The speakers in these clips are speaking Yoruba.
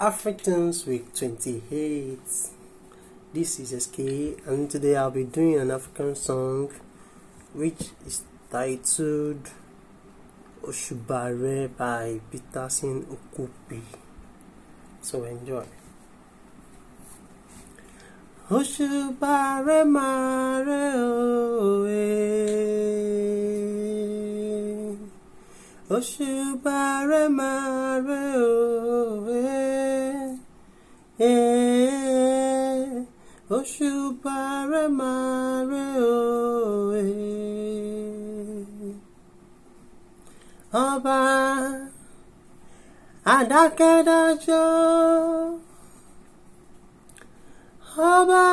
Africans Week 28. This is SK, and today I'll be doing an African song which is titled Oshubare by Peterson Okupi. So enjoy. Oshubare mare Oshubare mare oe Eh, òṣùpá rẹ máa rẹ òwe ọba adákẹ́dájọ́ ọba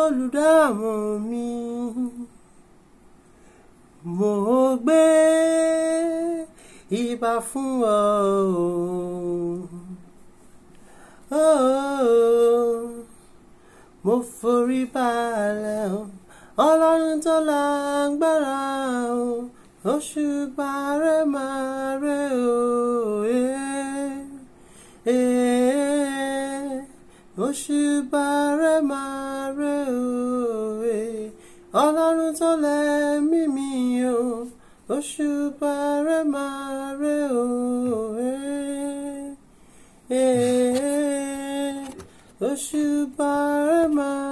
olùdámọ̀ mi mo gbé ibà fún ọ o. Mufuri pale balẹ̀ o ọlọ́run tó o òṣùpá rẹ̀ máa rẹ̀ o òṣùpá rẹ̀ máa rẹ̀ o mi o òṣùpá rẹ̀ o. Push you by my